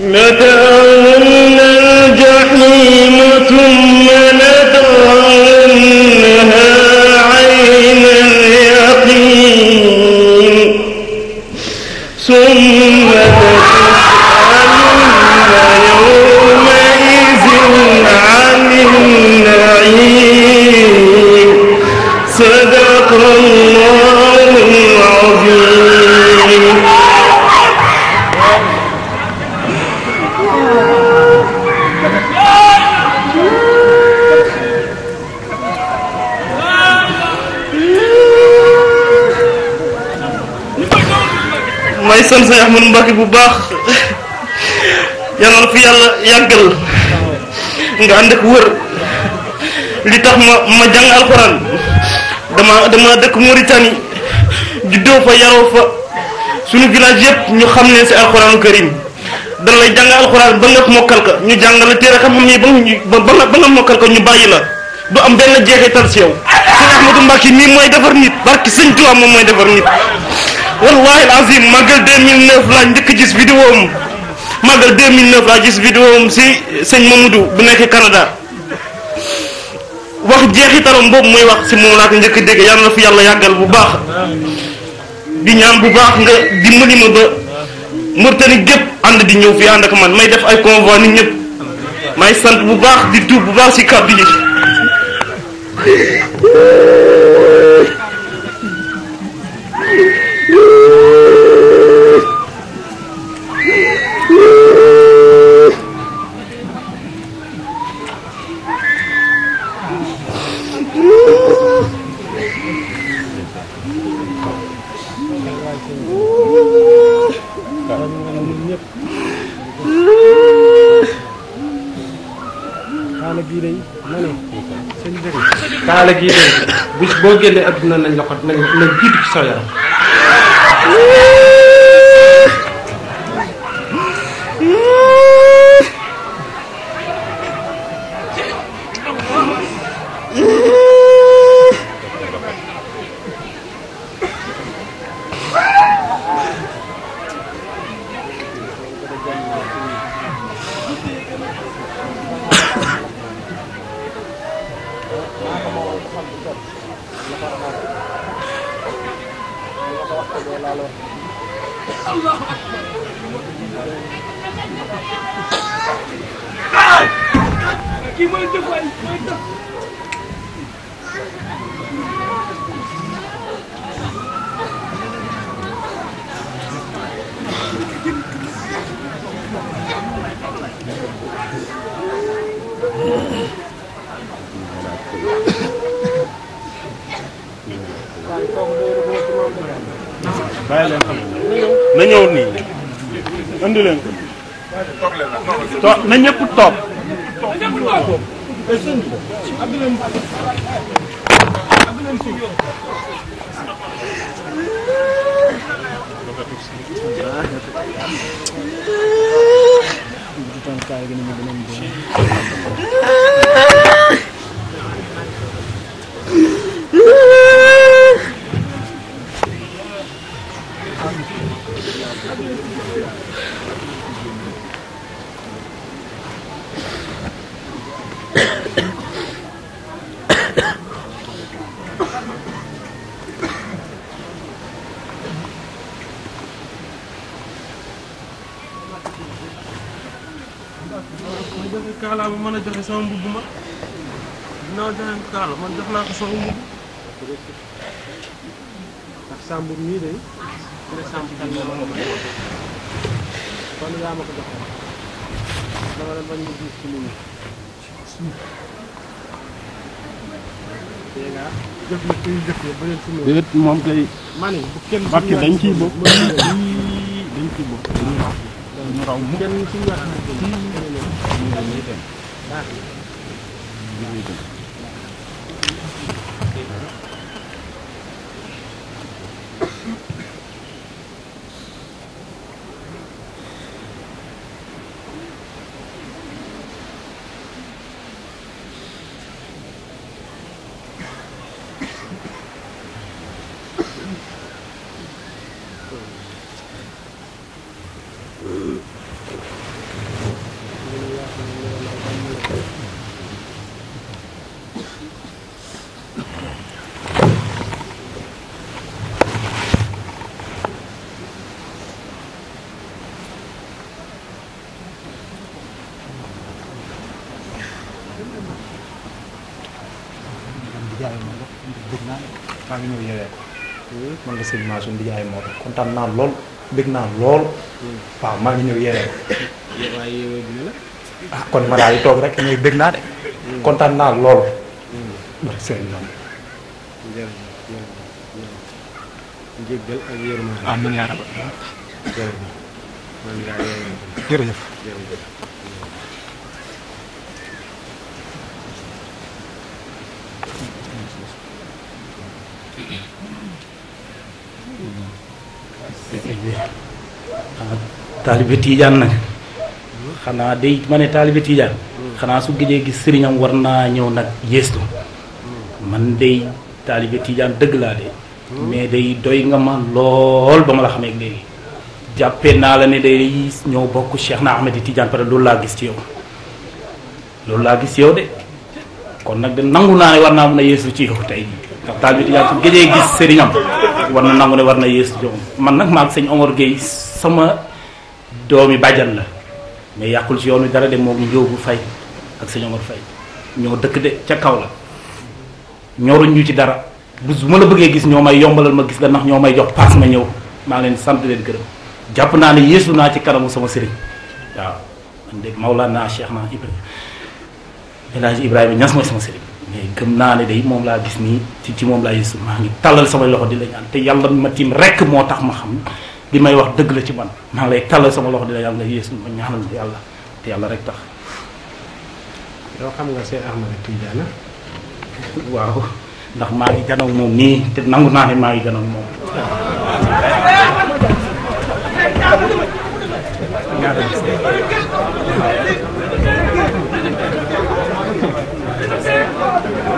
لترون الجحيم ثم لترونها عين اليقين ثم لتسألن يومئذ عن النعيم صدق الله العظيم sant ya Serigne Ahmadou Mbacké bu baax yang gel fi anda yàggal nga ànd ak wër li tax ma ma judo alxuraan dama dama dëkk Mauritanie juddoo fa kerim fa suñu village yëpp ñu xam ne si alxuraanu karim dañ lay jàng alxuraan ba nga mokal ka ñu jàng la téere xam-xam yi ba ba nga ba nga mokkal ka ñu bàyyi la du am benn jeexital si yow Ahmadou mooy defar nit barki Touba mooy defar nit wallahi azim màggal 2009 laa njëkk gis vidéo am màggal 2009 laa gis vidéo am si sëñ Mamadou bu nekk Canada wax jeexi jeexitalam boobu muy wax si moom laa ko njëkk dégg yàlla na fi yàlla yàggal bu baax di ñaan bu baax nga dimbali ma ba Mauritanie gépp ànd di ñëw fii ànd ak man may def ay convoi nit ñëpp may sant bu baax di tuub bu baax si kàddu yi kaala gii dégg bés boo génnee adduna nañ la ko nañ la jiitu ci sa yaram n a na ñëw n i andi leen ko toog na ñëpp toog Ah! sama mbubb ma ginnaaw joxe ko Kaala man jox naa ko sama mbubb ndax Samb mii de ku ne Samb kan la ma ko kon yaa ma ko joxoon dama la bañ ñu gis ci nit ñi dégg nga jëf na kuy jëf ya ba leen fi ñëw. déedéet moom kay. ma ne bu kenn parce que dañ ciy bokk. dañ ciy bokk. dañuy raw Bye. ndijaay moo tax bëgg naa maa ngi ñëw yewee ko man la sëñ Mansour ndijaay moo tax kontaan naa lool bëgg naa lool waaw maa ngi ñëw yewee ko ah kon ma daal di toog rek ñëw bëgg naa de kontaan naa lool bari sëñ bi taalibe tiijaan nag xanaa day ma ne taalibe tiijaan xanaa su gëjee gis sëriñam war naa ñëw nag yéestu man day taalibe tiijaan dëgg laa de mais day doy nga ma lool ba ma la xamee léegi jàppee naa la ne day ñëw bokk Cheikh na Ahmed Tidiane pare loolu laa gis ci yow loolu laa gis ci yow de kon nag de nangu naa ne war naa mën a yeesu ci yow tey ndax su gëjee gis sëriñam war na nangu ne war na yées joxum man nag maag sëñ omor Gueye sama doomi bàjjan la mais yàqul ci yoonu wi dara de moom Njóobu Fay ak sëñ Omar Fay ñoo dëkk de ca kaw la ñoruñ ñu ci dara bu ma la bëggee gis ñoo may yombalal ma gis la ndax ñoo may jox paas ma ñëw maa ngi leen sant leen gërëm jàpp naa ne yéesu naa ci kanamu sama sëriñ waaw man dégg Maulana Cheikh na Ibrahima El Hadj Ibrahima Niass mooy sama sëriñ mais gëm naa ne day moom laa gis nii ci ci moom laa gis maa ngi tàllal samay loxo di la ñaan te yàlla ma tiim rekk moo tax ma xam li may wax dëgg la ci man maa ngi lay tàllal sama loxo di la ñaan ma ñaanal yàlla te yàlla rek tax. yow xam nga Cheikh Ahmadou Tidiane waaw ndax maa ngi janoog moom nii te nangu naa ne maa ngi janoog moom.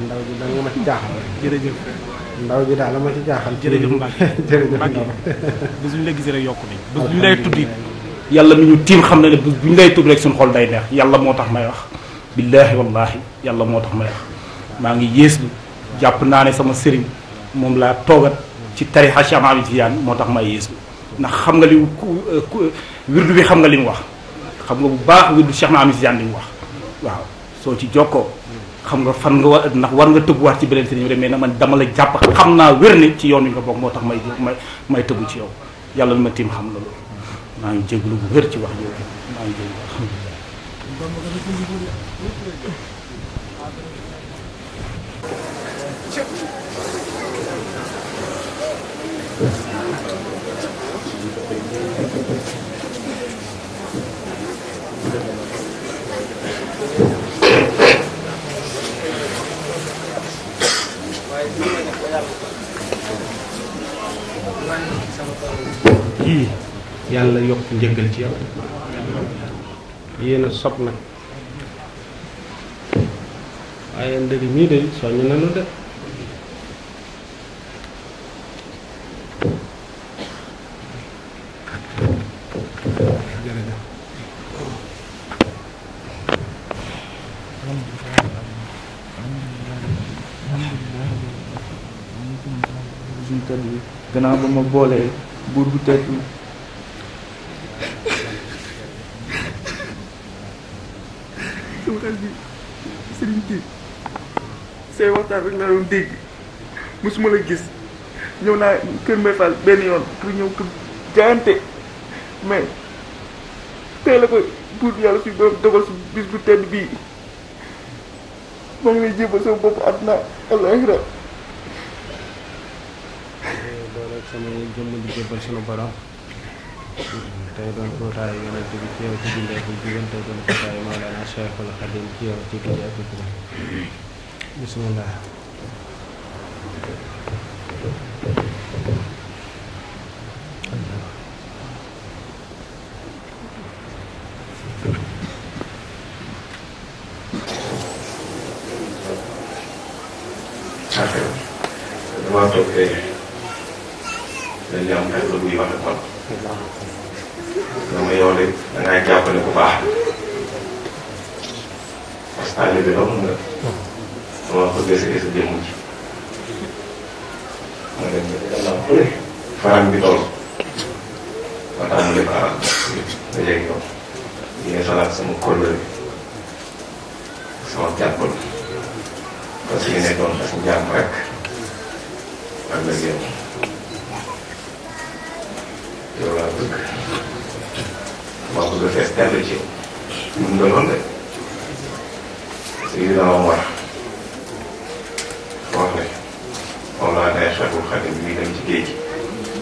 ndaw ji daal la ma ci jaaxal jërëjëf ndaw ji daal la ma ci jaaxal jërëjëf Mbacke jërëjëf Mbacke bis bu ñu lay gisee rek yokku nañ bis bu ñu lay tudd yàlla mi ñu tiim xam na ne bis bu ñu lay tudd rek suñu xol day neex yàlla moo tax may wax billaahi wallaahi yàlla moo tax may wax maa ngi yées lu jàpp naa ne sama sëriñ moom laa toogat ci tarixa Cheikh Ahmadou Tidiane moo tax may yées lu ndax xam nga li euh, wirdu bi xam nga li mu wax xam nga bu baax wirdu Cheikh Ahmadou Tidiane li mu wax waaw soo ci jokkoo xam nga fan nga war ndax war nga tëbbuwaat ci beneen sëriñ bi mais na man dama la jàpp xam naa wér ni ci yoon wi nga bokk moo tax may may may tëbbu ci yow yàlla ma tiim xam na loolu maa ngi jéglu bu wér ci wax yow maa ngi jéglu Thank yii yàlla yokk njëggal ci yow yéen a sob nag waaye ndëri mii de soññ nanu de ma boolee buur bu tedd bi sama xel waxtaan rek laa doon dégg mosuma la gis ñëw naa kër Mbaye Fall benn yoon pour ñëw kër jaayante mais tey la ko buur bi yàlla suñu borom dogal si bis bu tedd bii maa ngi lay jébal sama bopp àdduna àllaaxira samay jëmm di jébbal sunu borom tey doon kootaay yonente bi ci yow ci bindee ko jigéen tey doon kootaay maolana cheikhul xadim ci ci bismillah faram bi toll ma tàmbalee ba àll ba léegi yow di nga xalaat sama kóllëre sama jàppal parce que ne doon ak njàmm rek ak la yow yow laa bëgg maa bëgg a fees dell ci yow mun nga lool de ne moom laa day xetul xadim bi ci gi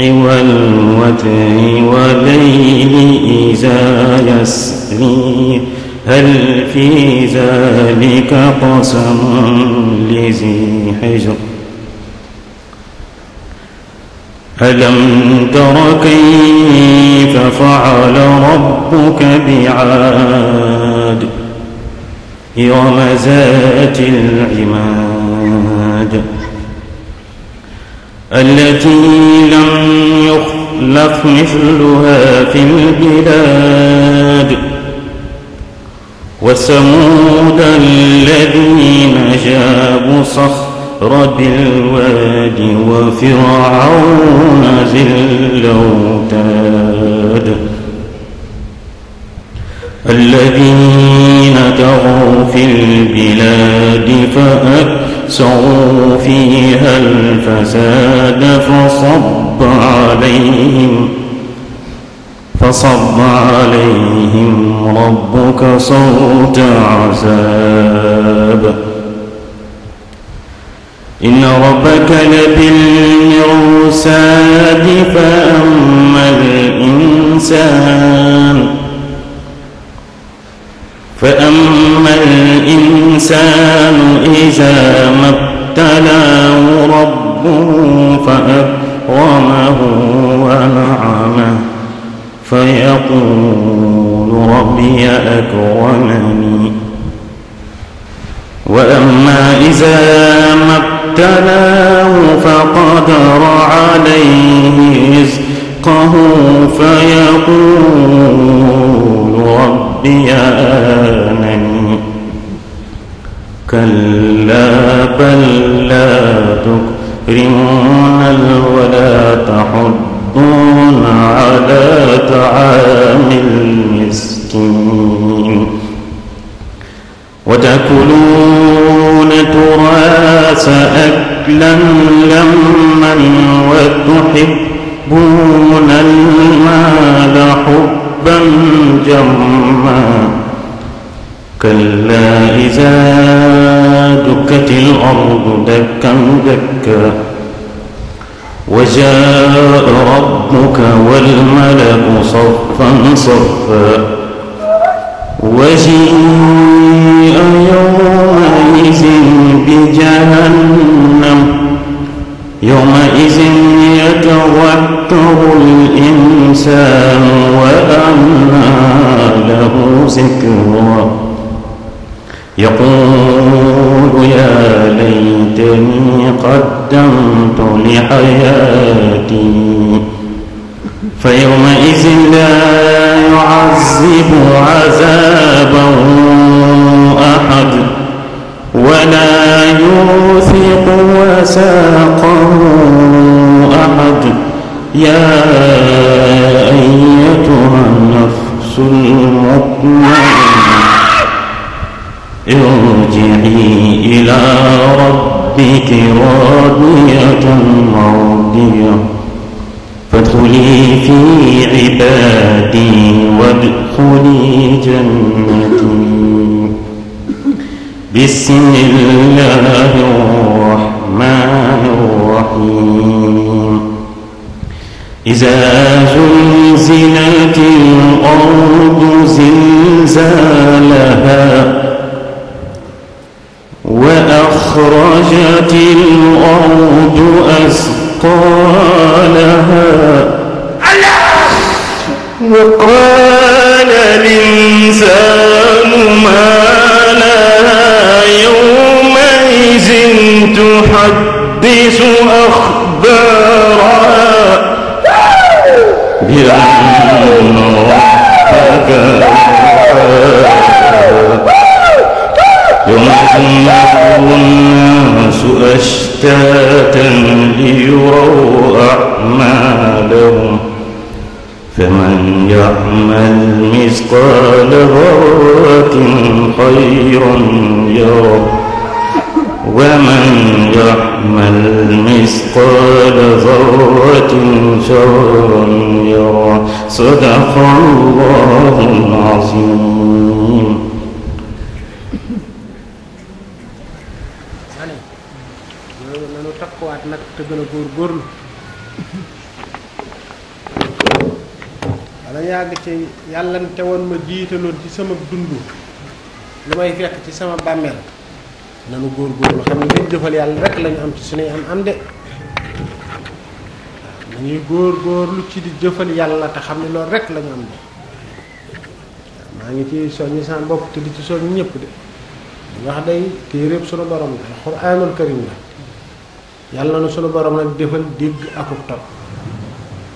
والوتر والليل إذا يسري هل في ذلك قسم لذي حجر ألم تر كيف فعل ربك بعاد إرم ذات العماد التي لم يخلق مثلها في البلاد وثمود الذين جابوا صخر بالواد وفرعون ذي الاوتاد الذين تغوا في البلاد فأكثروا سعوا فيها الفساد فصب عليهم فصب عليهم ربك صوت عذاب إن ربك لبالمرساد فأما الإنسان فأما الإنسان إذا ما ابتلاه ربه فأكرمه ونعمه فيقول ربي أكرمني وأما إذا ما ابتلاه فقدر عليه رزقه فيقول ربي أكرمني كلا بل لا تكرمون الولا تحضون على طعام المسكين وتأكلون تراس أكلا لما وتحبون المال حبا جما كلا إذا دكت الأرض دكا دكا وجاء ربك والملك صفا صفا وجيء يومئذ بجهنم يومئذ يتوتر الإنسان وأنى له ذكرا يقول يا ليتني قدمت لحياتي فيومئذ لا يعذب عذابه أحد ولا يوثق وساقه إلى ربك راضية مرضية فادخلي في عبادي وادخلي جنتي بسم الله الرحمن الرحيم إذا زلزلت الأرض زلزالها خرجت الأرض أسقالها وقال الإنسان ما لها يومئذ تحدث أخبارها بأن ربك أشتاتا ليروا أعمالهم فمن يعمل مثقال ذرة خيرا يره ومن يعمل مثقال ذرة شرا يره صدق الله العظيم te gën a góor góorlu wala yàgg ci yàllante woon ma jiitaloon ci sama dund lu may fekk ci sama bàmmeel nanu góor góorlu xam ne liñ jëfal yàlla rek lañu am ci suñuy am am de waaw nañuy góor góorlu ci di jëfal yàlla te xam ne lool rek lañu am de maa ngi ci soññi sama bopp te di ci soññ ñépp de wax day téeréb suñu borom la alxuraanul karim la yalla nu sunu borom nak defal digg ak tab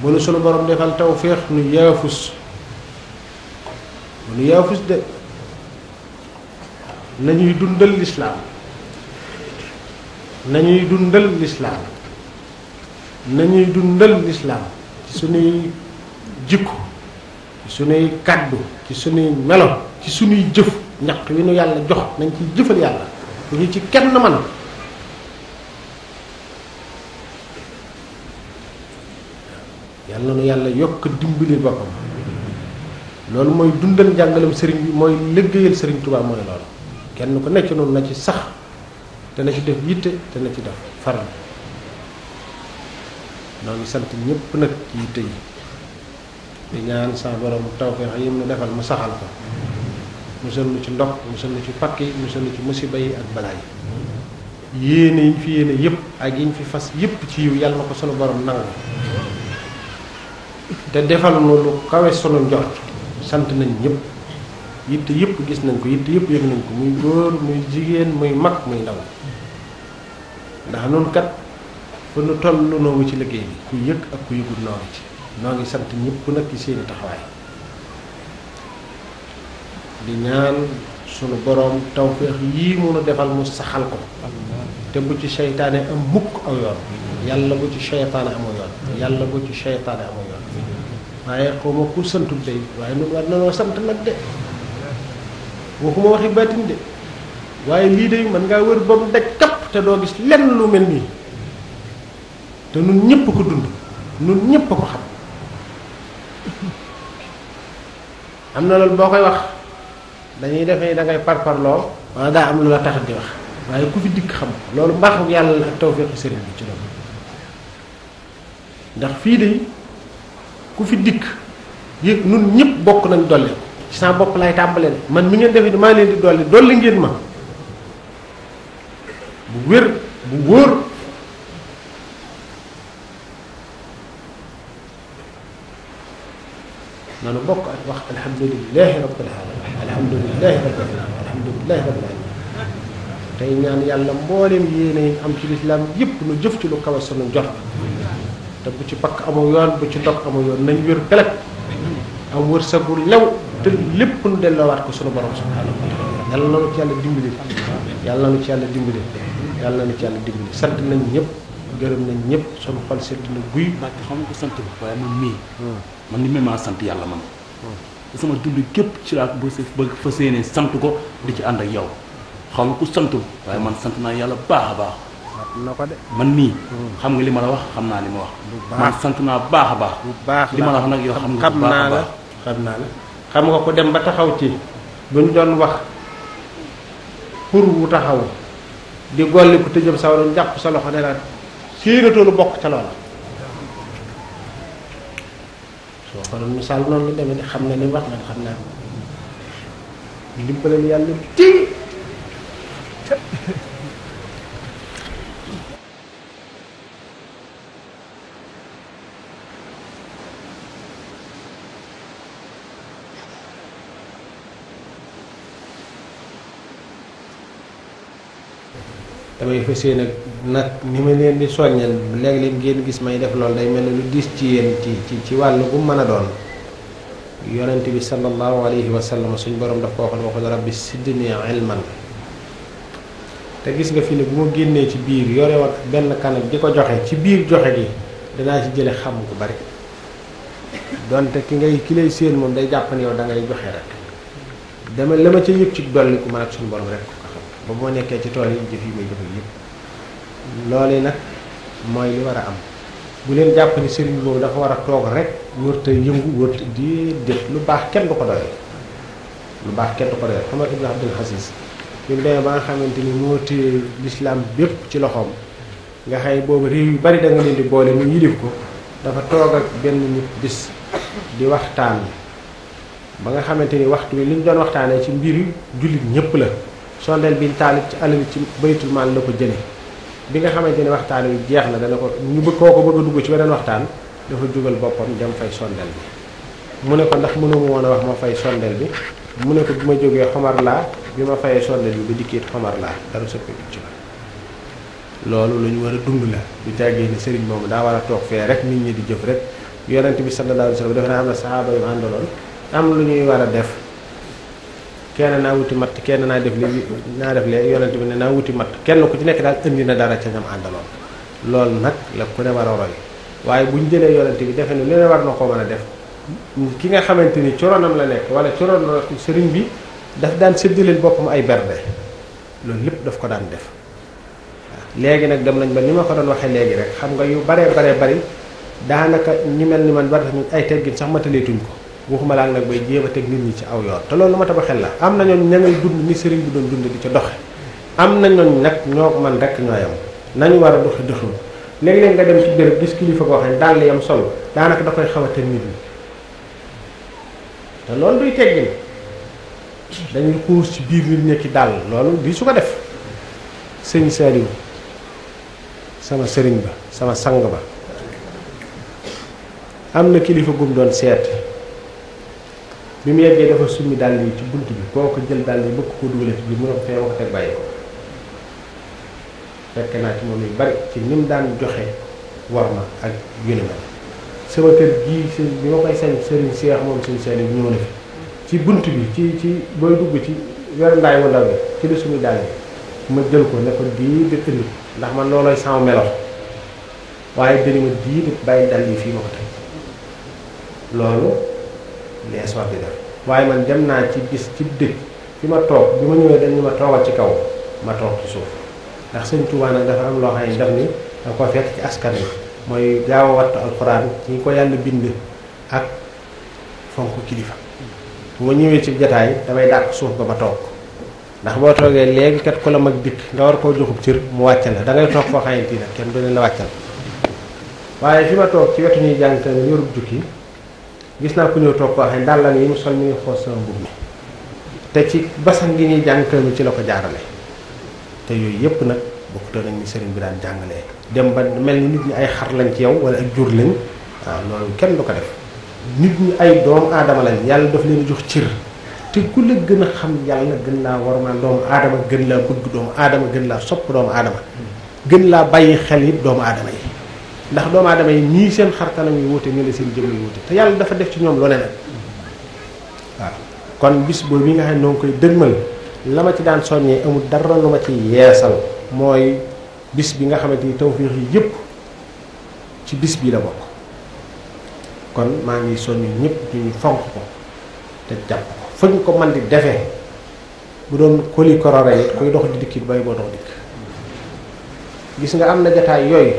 bu nu sunu borom defal tawfiq nu yafus nu yafus de nañuy dundal l'islam nañuy dundal l'islam nañuy dundal l'islam ci sunuy jikko ci sunuy kaddu ci sunuy melo ci juf jëf ñak wi nu yalla jox nañ ci jëfal yalla ñu ci kenn man yal yàlla yokk dimbali boppam loolu mooy dundal njàngalam sëriñ mooy liggéeyal sëriñ Tuubaa mooy loolu kenn ku nekk noonu na ci sax te na ci def yitte te na ci def faral noo ngi sant ñëpp nag ci yitte yi di ñaan sa borom tawfeex yi mu defal mu saxal ko musal nu ci ndox musal nu ci pakk yi musal nu ci musiba yi ak balaa yi yéene yi ñu fi yéene yëpp ak yi ñu fi fas yëpp ci yiw yàlla na ko sunu borom nangu te defal nu lu kawe sunu njort sant nañ ñëpp yitte yëpp gis nañ ko yitte yëpp yëg nañ ko muy góor muy jigéen muy mag muy ndaw ndax nun kat fu nu toll noo ngi ci liggéey bi ku yëg ak ku yëgul noo ngi ci noo ngi sant ñëpp nag ci seeni taxawaay di ñaan sunu boroom tawféex yii munu defal mu saxal ko te bu ci seytaane am mukk aw yoon yàlla bu ci seytaane amoo yoon yàlla bu ci seytaane amoo waye xawma ku santu bay waye nu war nanoo sant nak de waxuma waxi batin de waye li day man nga wër bam mu kap te do gis len lu mel nii te nun ñepp ko dund nun ñepp ko xam amna na bokay wax dañuy defé da ngay par par lo wala da am lu la tax di wax waye ku fi dik xam loolu mbax yàlla la tawfiq serigne ci do ndax fi day ku fi dikk yëg nun ñëpp bokk nañ dolli ko ci sama bopp laay tàmbalee man mi ngeen defee maa leen di dolli dolli ngeen ma bu wér bu wóor nanu bokk ak wax alhamdulilahi rabbil alamin alhamdulilahi rabbil alamin alhamdulilahi rabbil alamin tey ñaan yàlla mbooleem yéene am ci lislaam yépp nu jëf ci lu kawe sunu jot te bu ci pakk amul yoon bu ci ndog amul yoon nañ wér pelet am wërsëg bu lew te lépp nu delloowaat ko sunu borom subhanahu wa taala yàlla nanu ci yàlla dimbali yàlla nanu ci yàlla dimbali yàlla nanu ci yàlla dimbali sant nañ ñëpp gërëm nañ ñëpp sunu xol sedd na guy Mbàkke xam nga ko sant bi waaye man mii man ni mel maa sant yàlla man sama dund képp ci laa ko bëgg fa yéene sant ko di ci ànd ak yow xam nga ku santul waaye man sant naa yàlla baax a baax na ko man mii hmm. xam nga li ma la wax xam naa li ma wax man sant naa baax a baax bu baax li ma la wax nag yow xam nga xam la xam naa la xam nga ko dem ba taxaw ci bu ñu doon wax pour wu taxaw di golli ko tëjëm saw doon jàpp sa loxo ne la siirato lu bokk ca loola soo ko doon misaal noonu lu demee xam ne li wax nag xam naa dimbalal yàlla tii damay fessé nak nak ni ma leen di soñal leg leen ngeen gis may def lool day mel lu gis ci yeen ci ci ci walu bu mëna doon yaronte bi sallallahu alayhi wa sallam suñ borom daf ko waxal waxal rabbi sidni ilman te gis nga fi ne bu mo génnee ci biir yoré wat ben kan ak diko joxé ci biir joxé gi dana ci jëlé xam ko bari donte ki ngay ki lay seen mom day japp ni yow da ngay joxé rek dama lama ci ca ci dolliku man ak suñu borom rek ba boo nekkee ci tool yi jëf yi may jëf yëpp loolu nag mooy li war a am bu leen jàpp ni sëriñ boobu dafa war a toog rek wërta yëngu wërta di def lu baax kenn du ko doyee lu baax kenn du ko doyee Omar Ibn Abdul Aziz bi mu demee ba nga xamante ni moo téye lislaam bépp ci loxoom nga xay boobu réew yu bari da nga leen di boole mu yilif ko dafa toog ak benn nit bis di waxtaan ba nga xamante ni waxtu wi li doon waxtaanee ci mbir jullit ñëpp la sondel biñ talib ci alawi ci baytul mal lako jële bi nga xamanteni ne waxtaan wi jeex na dana ko ñu bëgg koko bëgg dugg ci beneen waxtaan dafa jugal bopam dem fay sondel bi mu ne ko ndax mënu ma woon a wax ma fay sondel bi mu ne ko bima ma jógee xomar laa bi ma fayee sondeel bi ba dikkiit xomar laa dara soppiku ci loolu lañu wara dund la bu jàggee ni sëriñ moomu daa wara a toog fee rek nit ñi di jëf rek yonent bi sallallahu alayhi wasallam dafa na am na sahaaba yu àndaloon am lu ñuy war a def كان انا وتي مات كان انا ديف لي نا ديف لي يونت بن انا وتي مات كين كو تي نيك دال اندي نا دارا تيام اندال لول نك لا كو نيبار روي واي بو نجي لي يونت بي ديفن لي نيبار نكو مانا ديف كيغا خامتيني تورونم لا ولا تورون سيرين بي داف دان سيدل بوبم اي بردي لول ليب داف كو دان ديف لغي دم نان با نيما كو دون واخا لغي رك خمغا يو بري بري بري دانكا ني مل ني من اي تيرغين سخ ماتليتون كو waxuma la nak bay jéema tek nit ñi ci aw yoon te loolu ma tabaxel la am na ñoon ña ngay dund ni sëriñ bi doon dund di ci doxe am na ñoon nag ñoo man rek ñooyam nañu wara dox dox leg leg nga dem ci béréb gis kilifa ko xam dal li yam sol naka da koy xaw nit ñi te loolu duy teggin dañu xuus ci biir nit ñekki dal loolu bi su ko def sëriñ sëriñ sama sëriñ ba sama sang ba amna kilifa gum doon seet bi mu yeggee dafa summi dàll yi ci bunt bi koo ko jël dàll yi bëgg ko dugale ci biir mu ne ko fee ma bàyyi ko fekk naa ci moom yu bari ci ni daan joxe war ma ak yónni ma sama kër gii si bi ma koy sañ sëriñ seex moom suñu sëriñ ñëw na fi ci bunt bi ci ci booy dugg ci weer ndaay wu ndaw ci li summi dàll yi ma jël ko ne ko dii di indi ndax man loolooy sama melo waaye dëni ma dii bàyyi dàll yi fii ma ko loolu les sols di def waaye man dem naa ci gis ci dëkk fi ma toog bi ma ñëwee dañu ma toogal ci kaw ma toog ci suuf ndax sëñ Tuubaa nag dafa am loo xam ne ni da ko fekk ci askan wi mooy gaaw a wattu alxuraan ci ko yàlla bind ak fonk kilifa bu ma ñëwee ci jataay damay dàq suuf ba ma toog ndax boo toogee léegi kat ku la mag dikk nga war koo joxub cër mu wàcc la dangay toog foo xamante ne kenn du leen la waaye fi ma toog ci wetu gis naa ko ñëw toog koo xam ne dàllam yi mu sol mu ngi xoos sama mbubb mi te ci basan gi ñuy jàng mi ci la ko jaarale te yooyu yëpp nag bokkutoo nañ ñu sëriñ bi daan jàngalee dem ba mel ni nit ñi ay xar lañ ci yow wala ak jur lañ waaw loolu kenn du ko def nit ñi ay doomu aadama lañ yàlla daf leen jox cër te ku la gën a xam yàlla gën laa warmaal doomu aadama gën laa bëgg doomu aadama gën laa sopp doomu aadama gën laa bàyyi xel yi doomu aadama yi ndax doomu aadama yi nii seen xarkanam yu wuute ñu seen jëmm yu wuute te yàlla dafa def ci ñoom lu ne nag waaw kon bis boobu yi nga xam ne noo ngi koy dëgmal la ma ci daan soññee amul dara lu ma ci yeesal mooy bis bi nga xamante ni tawfiix yi yëpp ci bis bii la bokk kon maa ngi soññ ñëpp ñu fonk ko te jàpp ko fa ñu ko man di defe bu doon koli korore yi koy dox di dikki bay boo dox dikk gis nga am na jataay yooyu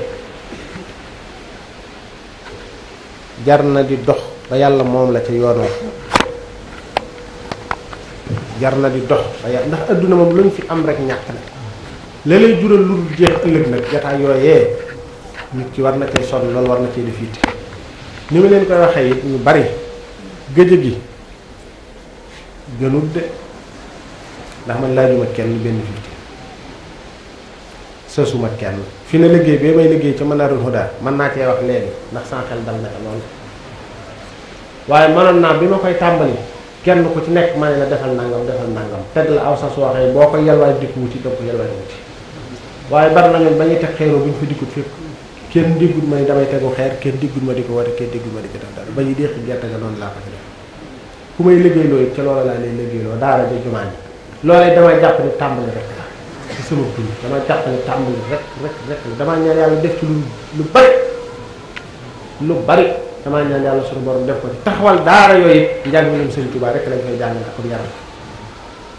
jar na di dox ba yàlla moom la ca yoonoo jar na di dox ba yàlla ndax adduna moom lañu fi am rek ñàkk na la lay jural lu jeex ëllëg nag jataay yooyee nit ki war na cee sonn loolu war na cee def yitte ni ma leen koy waxee it ñu bari gëjë gi gënut de ndax man laajuma kenn benn fiite sësuma kenn fi na liggéey bi may liggéey ca Manarul Huda mën naa cee wax léegi ndax san xel dal na ko naa bi ma koy tàmbali kenn ku ci nekk ma ne la defal nangam defal nangam teg la aw sas waxee boo ko yalwaay dikk wuti doo ko yalwaay wuti waaye bari na ñun ba ñuy teg xeeroo bu fa dikkut fépp kenn diggul ma ni damay tegu xeer kenn diggul ma di ko wate kenn diggul ma di ko def dara ba ñu déqi gerte ga noonu laa ko ci def ku may liggéey loo it ca loola laa lay liggéey loo daara ja jumaa ji loolee damay jàpp ni tàmbali rek ci sama dund dama jàpp ne tàmbali rek rek rek dama ñaan yàlla def ci lu lu bari lu bari dama ñaan yàlla suñu borom def ko ci taxawal daara yooyu njàng ñoom sëñ Tuba rek lañ koy jàngal ak yaram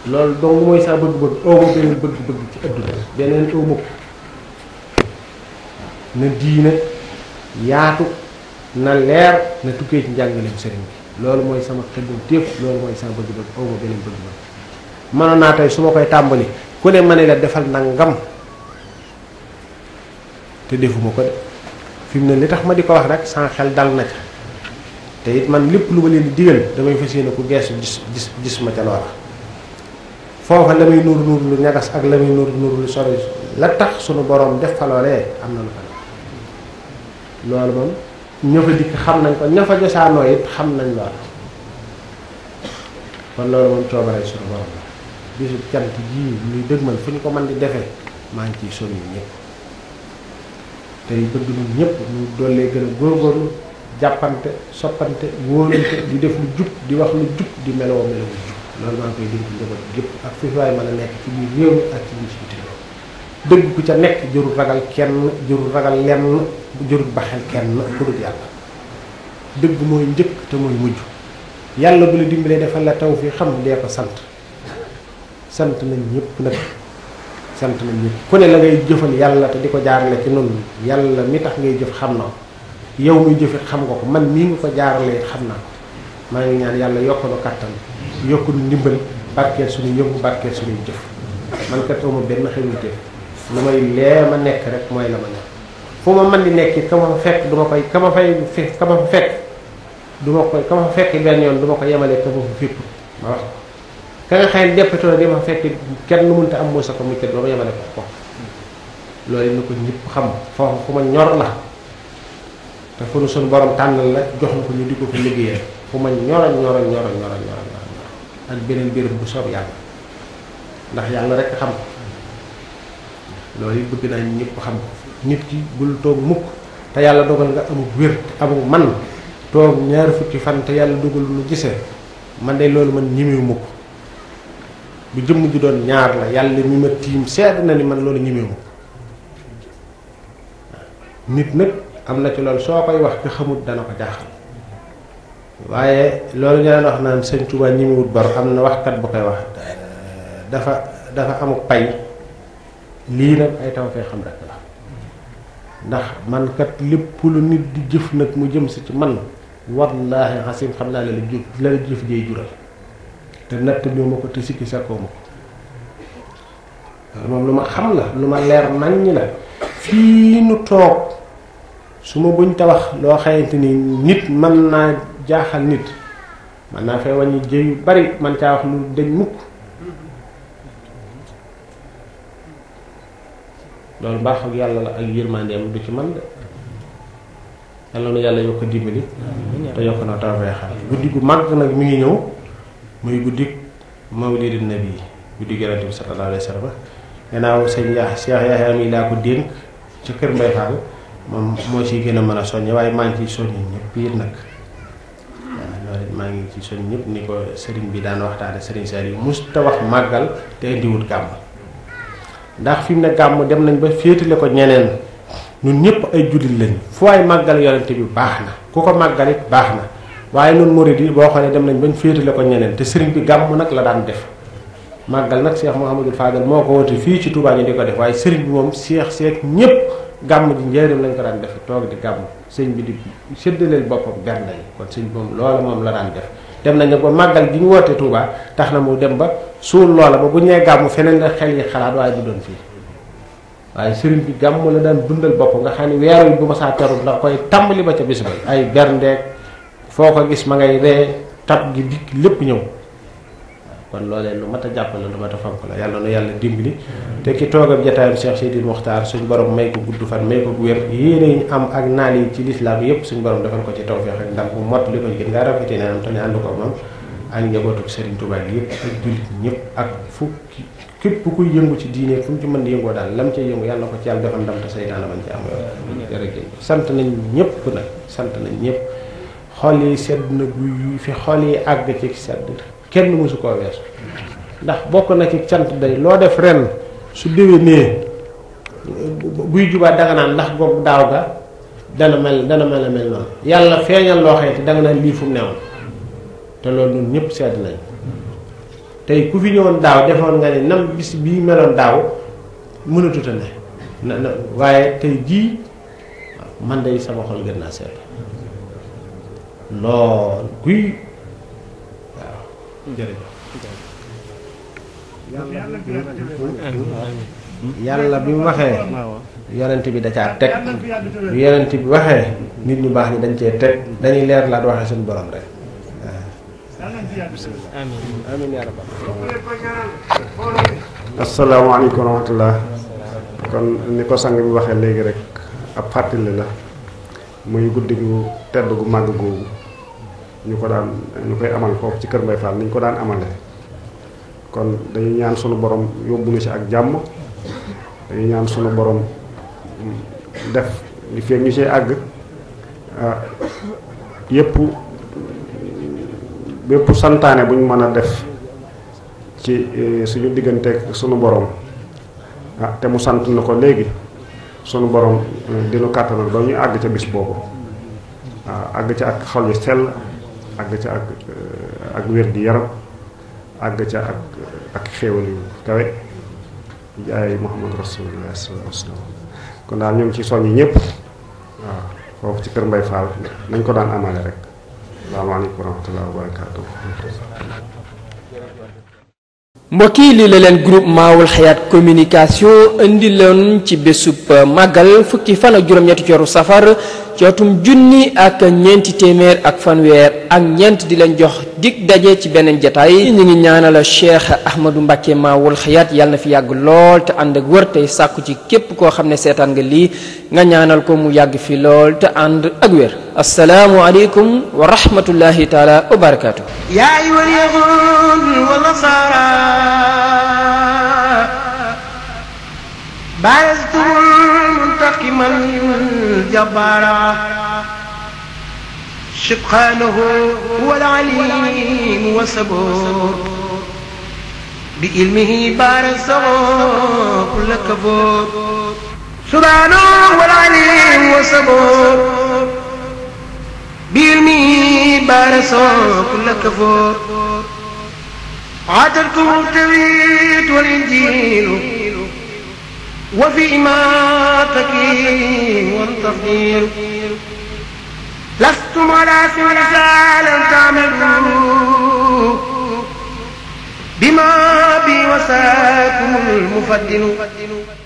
loolu dong mooy sa bëgg-bëgg ooma oh, beneen bëgg-bëgg ci adduna beneen ooma na diine yaatu na leer na tukkee ci njàngaleem sëriñ bi loolu mooy sama xëggoon téef loolu mooy sama bëgg-bëgg ooma oh, beneen bëgg-bëgg mënoon naa tey su ma koy tàmbali ku ne ma ne la defal nangam te defuma ko de fi ne li tax ma di ko wax rek sans xel dal na ca te it man lépp lu ma leen digal damay fas yéene ku geesu gis gis gis ma ca loola foofa la muy nuur nuur lu ñagas ak la muy nuur nuur lu sori la tax sunu boroom def fa loolee am na lu fa loolu moom ña dikk xam nañ ko ña fa josaanoo it xam nañ loolu kon loolu moom coobaree sunu boroom bisu cant ji ni deugmal fuñ ko man di defé ma ngi ciy soññu ñëpp tey bëgg ñun ñepp ñu dolé gëna a góorgóorlu soppante di def lu jup di wax lu jup di Melo-Melo, jub loolu maa ngi koy dénk njaboot gépp ak fi waay mën a nekk ci biir réew ak ci ci té dëgg ku ca nekk jërul ragal kenn jërul ragal lenn jërul baxal kenn ku dul yalla dëgg moy njëkk te moy mujj yalla bu la dimbalé defal la taw xam dé ko sante sant nañ ñëpp nag sant nañ ñëpp ku ne la ngay jëfal yàlla te di ko jaarale ci noonu yàlla mi tax ngay jëf xam na ko yow muy jëfit xam nga ko man mii nga ko jaarale xam naa ko maa ngi ñaan yàlla yokk na kattan yokk nu ndimbal barkeel suñu yëngu barkeel suñuy jëf man kat awma benn xewutee lu may lee ma nekk rek mooy la ma nekk fu ma man di nekk ka ma fa fekk du koy kama ma fay fe ka ma fekk du ma koy ka fa fekk benn yoon du ko yemale ka ma fa fépp ma wax ka nga xayn deppatoo dem fekk kenn lu munta am mo sa ko mucc loolu yemale ko ko loolu ñu ko ñëpp xam foofu fu ma ñor la te fu sun borom tanal la jox na ko ñu diko fi liggéeyal fu ma ñor ñor ñor ñor ñor ak benen bir bu sopp yalla ndax yalla rek xam loolu bëgg na ñëpp xam nit ki bul tok mukk ta yalla dogal nga amu wër amu man tok ñaar fukki fan ta yalla dogal lu gisee man day loolu man ñimi mukk bu jëm ji doon ñaar la yàlla mi ma tiim seet na ni man loolu ñimewu nit nag am na ci loolu soo koy wax ki xamut dana ko jaaxal waaye loolu ñu daan wax naan sëñ Tuba ñimewut bar am na waxkat bu koy wax dafa dafa amu pay lii nag ay taw fee xam rek la ndax man kat lépp lu nit di jëf nag mu jëm si ci man wallahi xasim xam naa la la jëf la la jëf jëy jural te nattabloo ma ko te sikki sakkoo ma ko loolu moom lu ma xam la lu ma leer naññ la fii nu toog suma ma buñ tabax loo xayante ni nit man naa jaaxal nit man naa fay wàññi jëy yu bari man caa wax lu deñ mukk loolu baax ak yàlla la ya ak yërmandeem du ci man de yàlla nu yàlla yokk dimbali te yokk na tawfeexal ya. guddi gu mag nag mi ngi ñëw muy guddik mawlidin nabi guddik yonente bi sallallahu alayhi wa sallam gannaaw sëñ Cheikh Cheikh Yaxya mi laa ko dénk ca kër Mbay Fall moom moo ciy gën a mën a soññe waaye maa ngi ciy soññi ñëpp it nag waaw loolu maa ngi ciy soññi ñëpp ni ko sëriñ bi daan waxtaane sëriñ Saliou musta wax màggal te indiwul gàmm ndax fii mu ne gàmm dem nañ ba féetale ko ñeneen ñun ñëpp ay jullit lañ fu waay màggal yonente bi baax na ku ko màggal baax na waaye noonu murid yi boo xoolee dem nañ bañ féetale ko ñeneen te sëriñ bi gàmm nag la daan def màggal nag Cheikh Mouhamadul Fadal moo ko woote fii ci Touba ñu di ko def waaye sëriñ bi moom Cheikh Cheikh ñëpp gàmm ji njëriñ lañ ko daan def toog di gàmm sëñ bi di séddaleel boppam benn yi kon sëñ bi moom moom la daan def dem nañ nag ba màggal gi ñu woote Touba tax na mu dem ba suul loola ba bu nee gàmm feneen la xel yi xalaat waaye doon fii waaye sëriñ bi gàmm la daan dundal bopp nga xam ne weer wi bu ma saa teru ndax koy tàmbali ba ca bis ba ay berndeek foo ko gis ma ngay ree tab gi dikk lépp ñëw kon loolee lu mat a jàpp na lu mat a fonk la yàlla nu yàlla dimbali te ki toogab jataayam Cheikh Seydil Mokhtar suñ borom may ko gudd fan may ko wér yéene am ak naal yi ci lislaam yépp suñ borom defal ko ci tawfeex ak ndam bu mott li ko gën nga rafetee ne am te ne ànd ko moom ak njabootu Serigne Touba gi ak jullit ñëpp ak fukki képp kuy yëngu ci diinee fu mu ci mën di yëngoo daal lam cay yëngu yàlla ko ci yàlla defal ndam te seytaane sant nañ ñëpp sant nañ ñëpp xol yi sedd na guy fi xol yi àgg ci sedd kenn mësu koo weesu ndax bokk na ci sant day loo def ren su déwénee buy jubaat danga naan ndax goog daaw ga dana mel dana mel a mel noonu yàlla feeñal loo xeeti danga naan lii te loolu ñëpp sedd nañ tey ku fi ñëwoon daaw defoon meloon daaw mënatuta ne na waaye tey jii man day sama xol gën naa sedd lol guy yalla bi mu waxe yonent bi da ca tek bi yonent bi waxe nit ñu bax ni dañ ci tek dañuy leer laat waxe sun borom rek assalamu alaykum rabbal wa rahmatullah kon ni ko sang bi waxe legi rek ab fatil la muy guddi gu tedd gu màgg googu ñu ko daan ñu koy amal fofu ci kër may fall ñu ko daan amalé kon dañu ñaan suñu borom yobbu ñu ci ak jamm dañu ñaan suñu borom def li fi ñu ci ag ah, yépp bépp santaane bu mëna def ci eh, suñu ak suñu borom ah te mu sant na ko léegi borom eh, dinu lo ba ñu ag ci bis boobu ag ah, ci ak xol yu sel àgg ca ak euh, ak wér gi yaram àgg ca ak ak xéewal yu kawe jaay muhammad rasulullah sallallahu alayhi wasallam kon daal ñoom ci soññi ñëpp waaw foofu ci kër Mbay Fall nañ ko daan amale rek salaamaaleykum wa rahmatullahi wa mbokk yi lii la leen groupe Maoul Hayaat communication indi leen ci bésub màggal fukki fan ak juróom-ñetti ci weeru safar ci atum junni ak ñeenti téeméer ak fanweer ak ñeent di leen jox dig daje ci beneen jataay ñu ngi ñaanala cheikh ahmadou mbàkke maawul xayaat yàlla na fi yàgg lool te ànd ak wër tey sàkku ci képp koo xam ne seetaan nga lii nga ñaanal ko mu yàgg fi lool te ànd ak wér asalaamu aleykum wa rahmatullahi taala wa barakaatu سبحانه هو العليم وصبور بإلمه بارز كل كبور سبحانه هو العليم وصبور بإلمه بارز كل كفور عادته التوراة والإنجيل وفي إماتك والتفضيل لستم على سلسال تعملوا بما بي وساكم المفتنون